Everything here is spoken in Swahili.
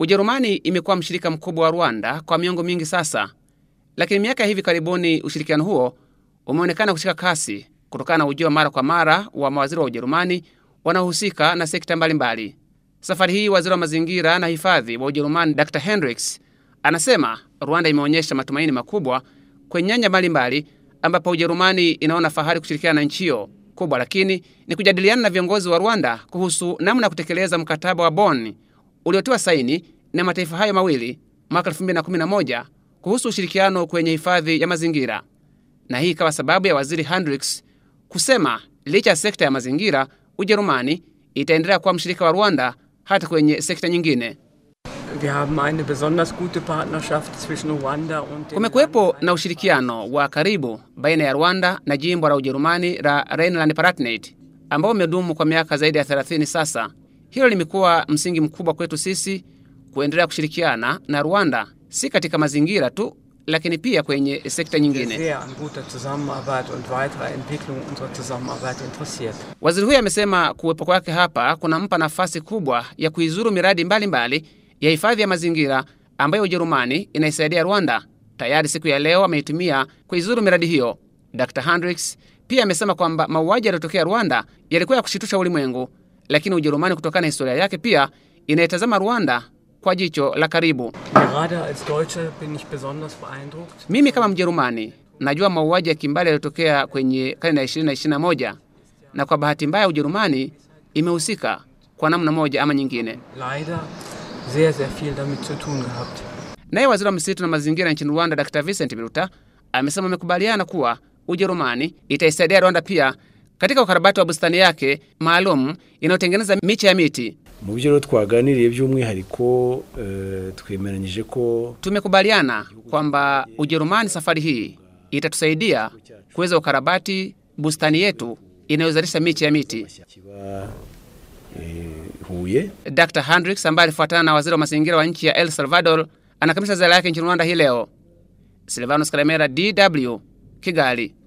Ujerumani imekuwa mshirika mkubwa wa Rwanda kwa miongo mingi sasa, lakini miaka ya hivi karibuni ushirikiano huo umeonekana kushika kasi kutokana na ujio wa mara kwa mara wa mawaziri wa Ujerumani wanaohusika na sekta mbalimbali. Safari hii waziri wa mazingira na hifadhi wa Ujerumani Dr Hendriks anasema Rwanda imeonyesha matumaini makubwa kwenye nyanja mbalimbali, ambapo Ujerumani inaona fahari kushirikiana na nchi hiyo kubwa, lakini ni kujadiliana na viongozi wa Rwanda kuhusu namna ya kutekeleza mkataba wa Bonn uliotiwa saini na mataifa hayo mawili mwaka 2011 kuhusu ushirikiano kwenye hifadhi ya mazingira, na hii ikawa sababu ya waziri Hendricks kusema licha ya sekta ya mazingira, Ujerumani itaendelea kuwa mshirika wa Rwanda hata kwenye sekta nyingine. Kumekuwepo na ushirikiano wa karibu baina ya Rwanda na jimbo la Ujerumani la Rhineland-Palatinate ambao umedumu kwa miaka zaidi ya 30 sasa. Hilo limekuwa msingi mkubwa kwetu sisi kuendelea kushirikiana na Rwanda, si katika mazingira tu, lakini pia kwenye sekta nyingine. Waziri huyo amesema kuwepo kwake hapa kunampa nafasi kubwa ya kuizuru miradi mbalimbali mbali ya hifadhi ya mazingira ambayo Ujerumani inaisaidia Rwanda. Tayari siku ya leo ameitumia kuizuru miradi hiyo. Dr Hendricks pia amesema kwamba mauaji yaliyotokea Rwanda yalikuwa ya kushitusha ulimwengu lakini Ujerumani kutokana na historia yake pia inaitazama Rwanda kwa jicho la karibu. Mimi kama Mjerumani najua mauaji ya kimbali yaliyotokea kwenye karne ya 20 na 21, na kwa bahati mbaya Ujerumani imehusika kwa namna moja ama nyingine. Naye waziri wa misitu na mazingira nchini Rwanda Dr Vincent Biruta amesema amekubaliana kuwa Ujerumani itaisaidia Rwanda pia katika ukarabati wa bustani yake maalum inayotengeneza miche ya miti. mu byo rero twaganiriye by'umwihariko eh, twemeranyije ko tumekubaliana kwamba Ujerumani safari hii itatusaidia kuweza ukarabati bustani yetu inayozalisha miche ya miti. Eh, Huye Dr. Hendricks ambaye alifuatana na waziri wa mazingira wa nchi ya El Salvador anakamilisha ziara yake nchini Rwanda hii leo. Silvanus Kalemera, DW, Kigali.